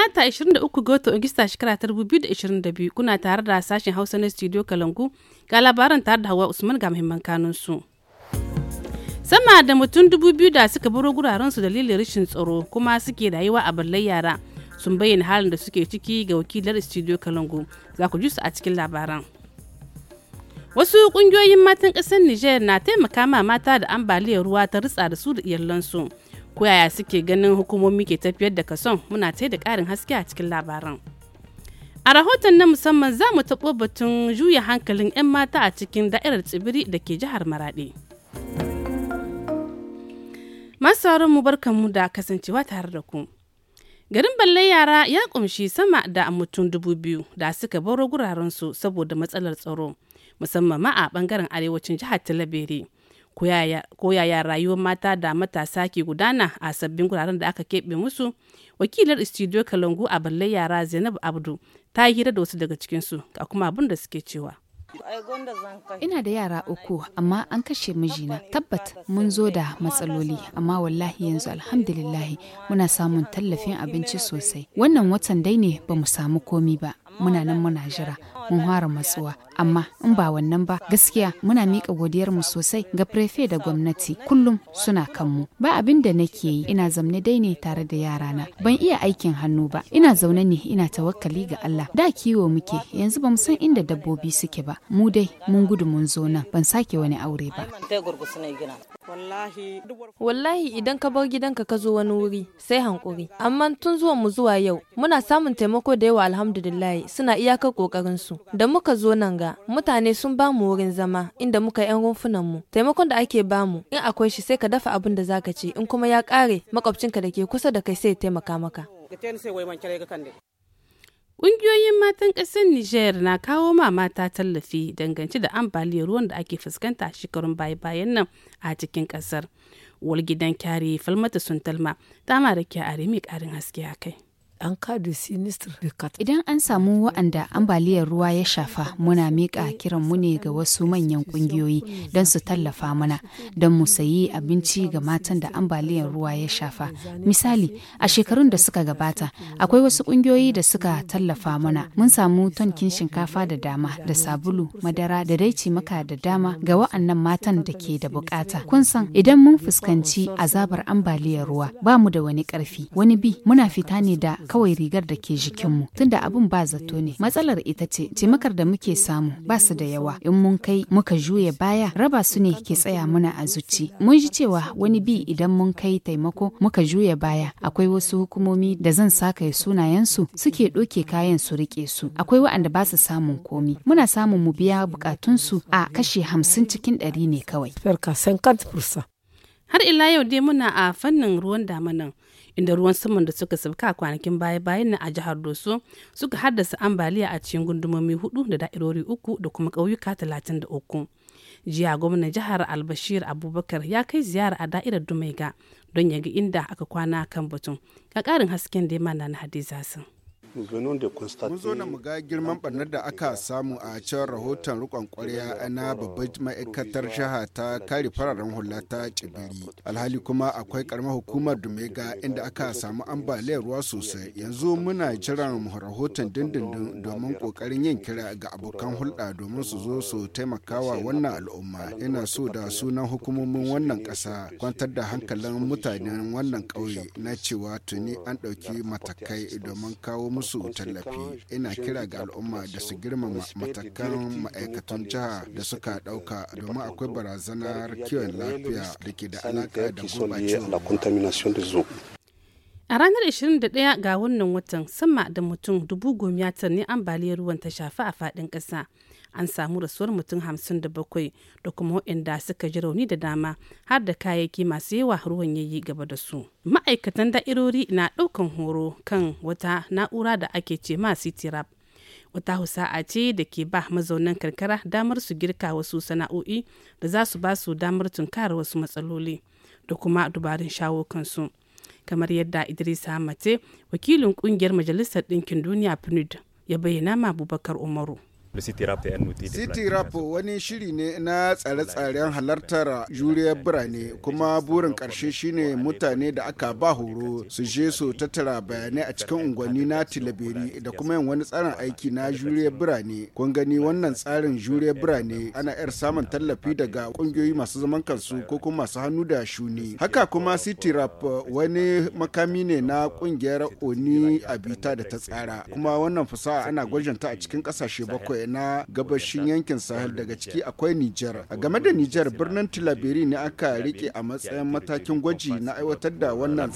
Talata 23 ga watan Agusta shekara 2022 kuna tare da sashen Hausa na Studio Kalangu ga labaran tare da Hawa Usman ga muhimman kanun su. Sama da mutum dubu da suka baro guraren su dalilin rashin tsaro kuma suke rayuwa a ballai yara sun bayyana halin da suke ciki ga wakilar Studio Kalangu za ku ji su a cikin labaran. Wasu kungiyoyin matan ƙasar Nijar na taimaka ma mata da ambaliyar ruwa ta ritsa da su da iyalansu. ko suke ganin hukumomi ke tafiyar da kason muna tai da karin haske a cikin labaran a rahoton na musamman za mu taɓo batun juya hankalin 'yan mata a cikin da'irar tsibiri da ke jihar maraɗi masu mu mu da kasancewa tare da ku garin balle yara ya kumshi sama da mutum dubu biyu da suka baro gurarensu saboda matsalar tsaro musamman ma a bangaren arewacin jihar talabere koyaya rayuwar mata da matasa ke gudana a sabbin guraren da aka keɓe musu wakilar studio kalangu a balle yara zainab abdu ta yi hira da wasu daga cikinsu ga kuma abin da suke cewa Ina da yara uku amma an kashe mijina tabbat mun zo da matsaloli amma wallahi yanzu alhamdulillahi muna samun tallafin abinci sosai. Wannan watan dai ne ba mu samu komi ba muna nan muna jira mun fara matsuwa amma in ba wannan ba gaskiya muna miƙa godiyarmu sosai ga prefe da gwamnati kullum suna kanmu ba abin da nake yi ina zamne dai ne tare da yarana ban iya aikin hannu ba ina zaune ne ina tawakkali ga Allah da kiwo muke yanzu bamu san inda dabbobi suke ba mu dai mun gudu mun zo nan ban sake wani aure ba wallahi idan ka bar gidanka ka zo wani wuri sai hankuri amma tun zuwan mu zuwa yau muna samun taimako da yawa alhamdulillah suna iyakar kokarin su da muka zo nan ga mutane sun ba mu wurin zama inda muka yi yan rumfunan mu taimakon da ake ba mu in akwai shi sai ka dafa abin da zaka ci in kuma ya kare makwabcinka da ke kusa da kai sai taimaka maka Ƙungiyoyin matan ƙasar Nijar na kawo ma mata tallafi dangance da ambaliyar ruwan da ake fuskanta a shekarun baya-bayan nan a cikin ƙasar. wal gidan kyare falmata sun talma, ta mara kyare mai ƙarin haske a kai. an kada sinistir Idan an samu wa'anda ambaliyar ruwa ya shafa muna miƙa kiran mu ne ga wasu manyan ƙungiyoyi don su tallafa mana don mu sayi abinci ga matan da ambaliyar ruwa ya shafa. Misali, a shekarun da suka gabata akwai wasu ƙungiyoyi da suka tallafa mana. Mun samu tonkin shinkafa da dama da sabulu, madara da dai maka da dama ga wa'annan matan da ke da bukata. Kun san idan mun fuskanci azabar ambaliyar ruwa ba mu da wani ƙarfi. Wani bi muna fita ne da kawai rigar da ke jikinmu tunda abin ba zato ne matsalar ita ce taimakar da muke samu ba su da yawa in mun kai muka juya baya raba su ne ke tsaya muna a zuci mun ji cewa wani bi idan mun kai taimako muka juya baya akwai wasu hukumomi da zan saka sunayensu suke ɗoke kayan su rike su akwai waɗanda ba su samun komi muna samun mu biya bukatunsu a kashi hamsin cikin ɗari ne kawai. har ila yau dai muna a fannin ruwan damanan inda ruwan saman da suka a kwanakin baya-bayan na a jihar doso suka haddasa ambaliya a cikin gundumomi hudu da da'irori uku da kuma ƙauyuka talatin da uku jiya gwamnan jihar albashir abubakar ya kai ziyara a da'irar dumaiga don ya ga inda aka kwana kan batun ga ƙarin hasken da ya mana na hadiza sun Mun zo na muga girman barnar da aka samu a can rahoton rikon kwarya na babbar ma'aikatar jiha ta kare fararen hula ta tsibiri Alhali kuma akwai karamar hukumar Dumega inda aka samu ambaliyar ruwa sosai. Yanzu muna jiran rahoton dindindin domin kokarin yin kira ga abokan hulɗa domin su zo su taimakawa wannan al'umma. Ina so da sunan hukumomin wannan ƙasa kwantar da hankalin mutanen wannan ƙauye na cewa tuni an ɗauki matakai domin kawo musu tallafi ina kira ga al'umma da su girmama matakan ma'aikatan jiha da suka ɗauka domin akwai barazanar kiwon lafiya da ke da alaka da gurbacewa A ranar 21 ga wannan watan sama da mutum dubu gomiyatar ne ambaliyar ruwan ta shafi a fadin ƙasa. An samu rasuwar mutum hamsin da bakwai da kuma waɗanda suka ji rauni da dama har da kayayyaki masu yawa ruwan yayi gaba da su. Ma'aikatan da'irori na ɗaukan horo kan wata na'ura da ake ce ma sitirap. Wata husa'a ce da ke ba mazaunan karkara damar su girka wasu sana'o'i da za su ba su damar tunkara wasu matsaloli da kuma dubarun shawo kansu. kamar yadda idris mace wakilin kungiyar majalisar ɗinkin duniya pnud ya bayyana ma abubakar umaru City Rap wani shiri ne na tsare-tsaren halartar juriyar birane kuma burin ƙarshe shine mutane da aka ba horo su je su tattara bayanai a cikin unguwanni na Tilaberi da kuma yin wani tsarin aiki na juriyar birane. Kun gani wannan tsarin juriyar birane ana yar samun tallafi daga ƙungiyoyi masu zaman kansu ko kuma masu hannu da shuni. Haka kuma City Rap wani makami ne na ƙungiyar Oni Abita da ta tsara kuma wannan fasaha ana gwajinta a cikin ƙasashe bakwai na gabashin yankin Sahel daga ciki akwai Nijar. A game da Nijar birnin tilabiri ne aka rike a matsayin matakin gwaji na aiwatar da wannan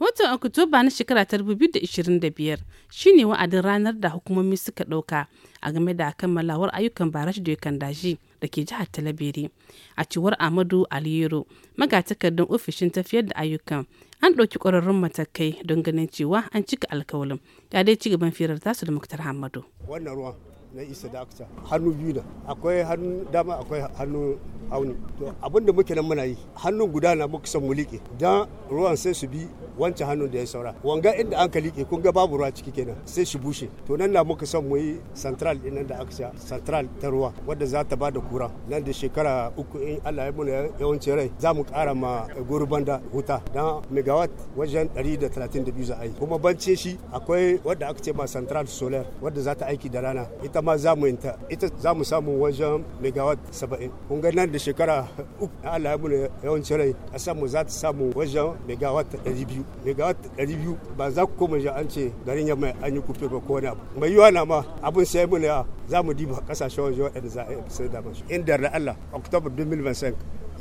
Watan Oktoba na shekara ta 2025 shine wa'adin ranar da hukumomi suka ɗauka a game da kammalawar ayyukan barashi da yakan daji da ke jihar Talabere. A cewar Amadu Aliyero, magatakardan ofishin tafiyar da ayyukan an ɗauki ƙwararrun matakai don ganin cewa an cika alkawalin ya dai ci gaban firar tasu da muktar hamadu wannan ruwan na isa dakuta hannu biyu da akwai hannu dama akwai hannu hauni to abinda muke nan muna yi hannun guda na muka san mu liƙe dan ruwan sai su bi wancan hannun da ya saura wanga inda an ka liƙe kun ga babu ruwa ciki kenan sai shi bushe to nan na muka san mu yi central din nan da aka sha central ta ruwa wadda za ta bada kura nan da shekara uku in Allah ya muna yawancin rai za mu ƙara ma gurban da huta dan megawatt wajen 132 za a yi kuma bance shi akwai wadda aka ce ma central solar wadda za ta aiki da rana ita amma za mu yinta ita za mu samu wajen megawatt saba'in kun ga nan da shekara uku Allah ya bude yawancin rai a samu za ta samu wajen megawatt ɗari biyu megawatt ɗari biyu ba za ku koma an ce garin yamma an yi kufe ba ko wani abu mai yiwa na ma abun sai mu ya za mu diba kasashen waje waɗanda za a yi sai da mashi inda da Allah oktoba 2025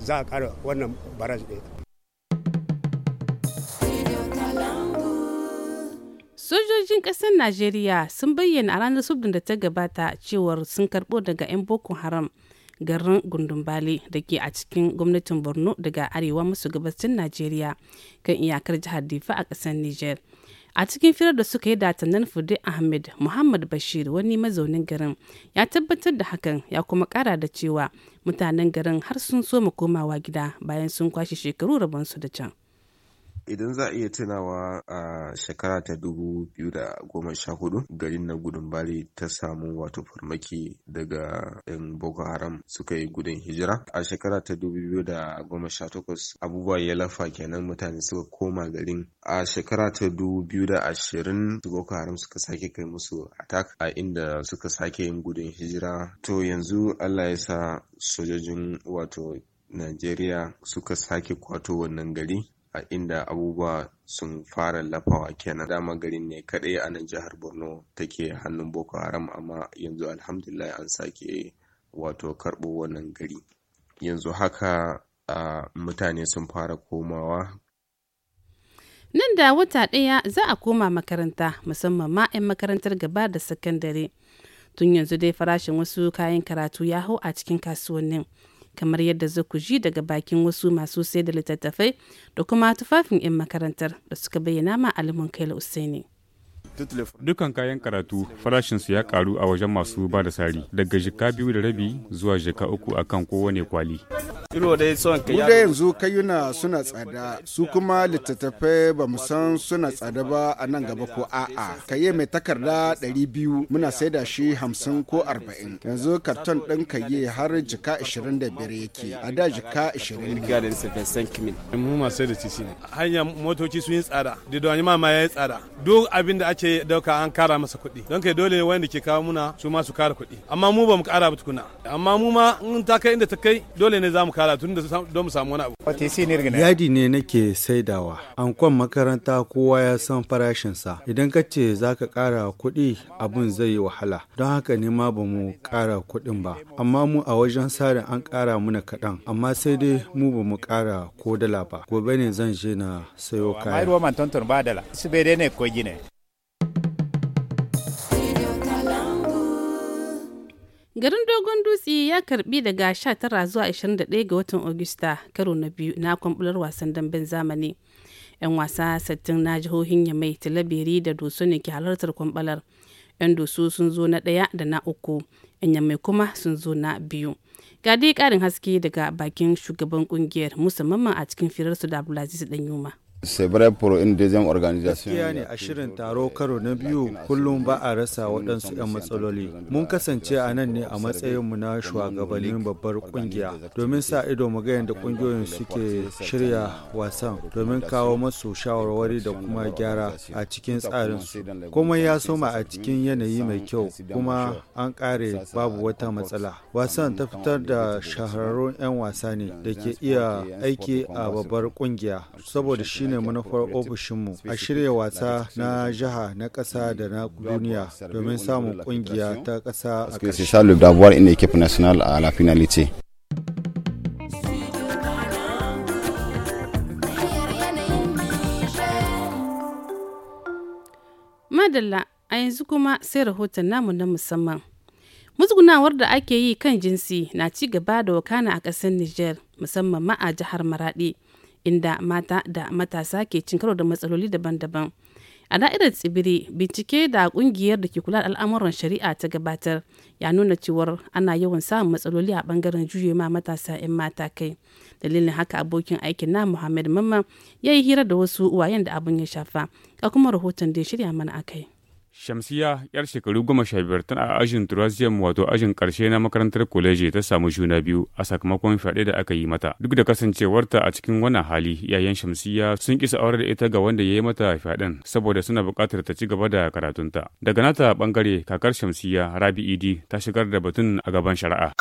za a ƙara wannan baraj ɗaya Sojojin ƙasar Najeriya sun bayyana a ranar Subdin da ta gabata cewar sun karɓo daga 'yan Boko Haram garin Gundumbali da ke a cikin gwamnatin Borno daga arewa maso gabacin Najeriya kan iyakar jihar Difa a ƙasar Nijar. a cikin firar da suka yi da tannan fude ahmed muhammad bashir wani mazaunin garin ya tabbatar da hakan ya kuma kara da cewa mutanen garin har sun so komawa gida bayan sun kwashe shekaru rabon su da can idan za a iya tunawa a shekara ta dubu biyu da goma sha hudu garin na gudun bari ta samu wato farmaki daga yan boko haram suka yi gudun hijira a shekara ta dubu biyu da goma sha takwas abubuwa ya lafa kenan mutane suka koma garin a shekara ta dubu biyu da ashirin boko haram suka sake kai musu attack a inda suka sake yin gudun hijira to yanzu allah ya sa sojojin wato Najeriya suka sake kwato wannan gari a inda abubuwa sun fara lafawa kenan dama garin ne kaɗai a nan jihar borno take hannun boko haram amma yanzu alhamdulillah an sake wato karɓo wannan gari yanzu haka a mutane sun fara komawa nan da wata ɗaya za a koma makaranta musamman ma 'yan makarantar gaba da sakandare tun yanzu dai farashin wasu kayan karatu ya hau a cikin kasuwannin kamar yadda za ku ji daga bakin wasu masu sai da littattafai da kuma tufafin 'yan makarantar da suka bayyana ma alimin kaila usaini Dukan kayan karatu farashinsu ya karu a wajen masu ba da sari daga jika biyu da rabi zuwa jika uku a kan kowane kwali. Kuda yanzu kayuna suna tsada su kuma littattafai ba san suna tsada ba a nan gaba ko a'a. Kaye mai takarda ɗari biyu muna saida shi hamsin ko arba'in. Yanzu karton ɗin kaye har jika ashirin da biyar yake a da jika ashirin. Mu masu da titi ne. Hanya motoci sun yi tsada. Didonima ma ya yi tsada. Duk abin da ake ke dauka an kara masa kuɗi don kai dole ne wanda ke kawo muna su ma su kara kuɗi amma mu ba mu kara ba tukuna amma mu ma in ta kai inda ta kai dole ne za mu kara tun da don mu samu wani abu yadi ne nake saidawa an kwan makaranta kowa ya san farashinsa idan ka ce za ka kara kuɗi abun zai yi wahala don haka ne ma ba mu kara kuɗin ba amma mu a wajen sare an kara muna kaɗan amma sai dai mu ba mu kara ko dala ba gobe ne zan je na sayo kaya. Garin Dogon Dutse ya karbi daga 19 zuwa 21 ga watan Agusta karo na biyu na kwambular wasan damben zamani. 'Yan wasa sattin na jihohin Yamai, Talabiri da Doso ne ke halartar kwambalar. 'Yan Doso sun zo na ɗaya da na uku, 'yan Yamai kuma sun zo na biyu. gadi karin haske daga bakin shugaban kungiyar musamman a cikin firarsu da Abdulaziz Danyuma. Gaskiya ne a shirin taro karo na biyu kullum ba a rasa waɗansu 'yan matsaloli. Mun kasance a nan ne a matsayinmu na shugabannin babbar ƙungiya domin sa ido mu ga yadda kungiyoyin suke shirya wasan domin kawo masu shawarwari da kuma gyara a cikin tsarin su. Komai ya soma a cikin yanayi mai kyau kuma an ƙare babu wata matsala. Wasan ta fitar da shahararrun 'yan wasa ne da ke iya aiki a babbar ƙungiya saboda shi ne manufar ofishinmu a shirya wasa na jiha na kasa hmm. da na duniya domin samun ƙungiya ta ƙasa a finalite. Madalla a yanzu kuma sai rahoton namu na musamman. musgunawar da ake yi kan jinsi na ci gaba da wakana a ƙasar Nijar musamman ma a jihar Maraɗi. inda mata da matasa ke cin karo da matsaloli daban-daban. A da'irar tsibiri, bincike da kungiyar da ke kula da al'amuran shari'a ta gabatar ya nuna cewar ana yawan samun matsaloli a bangaren juye ma matasa 'yan mata kai. Dalilin haka abokin aikin na Muhammad Mamman ya yi hira da wasu wayan da abin ya shafa, ka kuma rahoton da ya shirya mana akai. Shamsiya yar shekaru goma sha biyar tana ajin Turaziyam wato ajin karshe na makarantar koleji ta samu juna biyu a sakamakon fyaɗe da aka yi mata. Duk da kasancewarta a cikin wannan hali yayan Shamsiya sun kisa aure da ita ga wanda ya yi mata fyaɗen saboda suna buƙatar ta ci gaba da karatunta. Daga nata ɓangare, kakar Shamsiya Rabi Idi ta shigar da batun a gaban shari'a.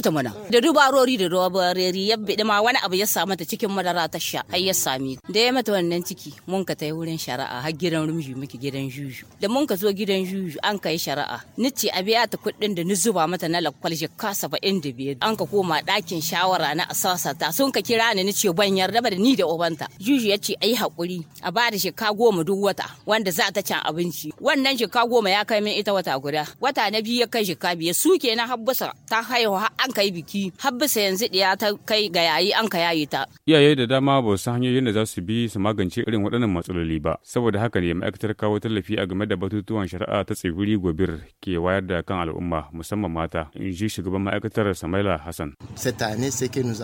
mata mana da dubarori da robarori ya biɗi ma wani abu ya samu ta cikin madara ta sha har ya sami da ya mata wannan ciki mun ka tai wurin shari'a har gidan rumji miki gidan juju da mun ka zo gidan juju an kai shari'a ni a biya ta kuɗin da ni zuba mata na lakwal jikka saba'in da biyar an ka koma dakin shawara na asasa ta sun ka kira ni ni ce ban yarda da ni da ubanta juju ya ce ai hakuri a ba da ka goma duk wata wanda za ta can abinci wannan ka goma ya kai min ita wata guda wata na biyu ya kai ka biyar suke na habbasa ta haihu har an kai biki har bisa yanzu ɗiya ta kai ga yayi an ka yayi ta. Iyaye da dama ba su hanyoyin da za su bi su magance irin waɗannan matsaloli ba. Saboda haka ne ma'aikatar kawo tallafi a game da batutuwan shari'a ta tsibiri gobir ke wayar da kan al'umma musamman mata in ji shugaban ma'aikatar Samaila Hassan.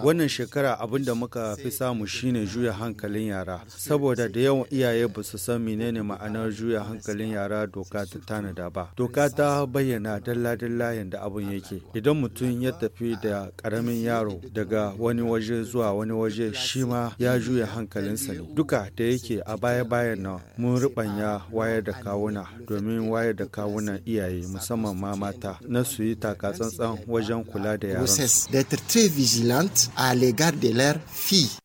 Wannan shekara abin da muka fi samu shine juya hankalin yara saboda da yawan iyaye ba su san menene ma'anar juya hankalin yara doka ta tanada ba. Doka ta bayyana dalla-dalla yadda abin yake. Idan mutum ya tafi da karamin yaro daga wani waje zuwa wani waje shi ma ya juya hankalinsa ne duka da yake a baya-bayan nan mun rubanya wayar da kawuna domin wayar da kawunan iyaye musamman ma mata na su yi takatsantsan wajen kula da yaron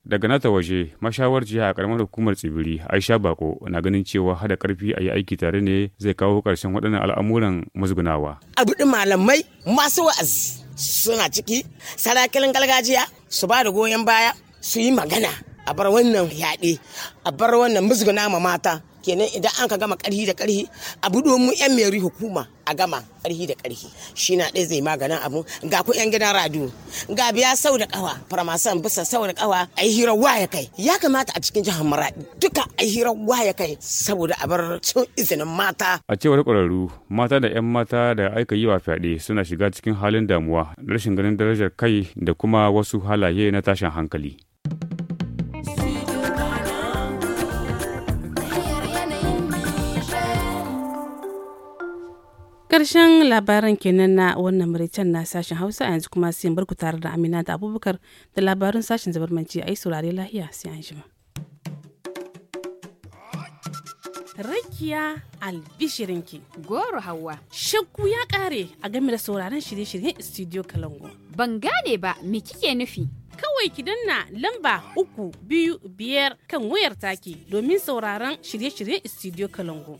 daga nata waje mashawar jiha a karamar hukumar tsibiri aisha bako na ganin cewa hada karfi a yi aiki tare ne zai kawo karshen waɗannan al'amuran musgunawa abu malamai masu wa'azi suna ciki sarakin gargajiya su ba da goyon baya su yi magana a bar wannan yaɗe a bar wannan musguna ma mata kenan idan an ka gama karhi da karhi a don mu yan meri hukuma a gama karhi da karhi shi na ɗaya zai maganin abu ga ku yan gidan radu ga biya sau da kawa farmasan bisa sau da kawa a yi hirar waya kai ya kamata a cikin jihar maradi duka a yi hirar waya kai saboda a bar cin izinin mata a cewar kwararru mata da yan mata da aika yi wa fyaɗe suna shiga cikin halin damuwa rashin ganin darajar kai da kuma wasu halaye na tashin hankali. Karshen labaran kenan na wannan Maritan na sashen Hausa yanzu kuma sai barku tare da Amina da Abubakar da labarin sashen zabarmanci a yi saurare lahiya sai an jima. Rakiya albishirinki. Goro Hauwa. Shakku ya ƙare a game da sauraron shirye-shiryen Studio Kalango. Ban gane ba me kike nufi? Kawai ki danna lamba uku biyu biyar kan wayar take domin sauraron shirye-shiryen Studio Kalango.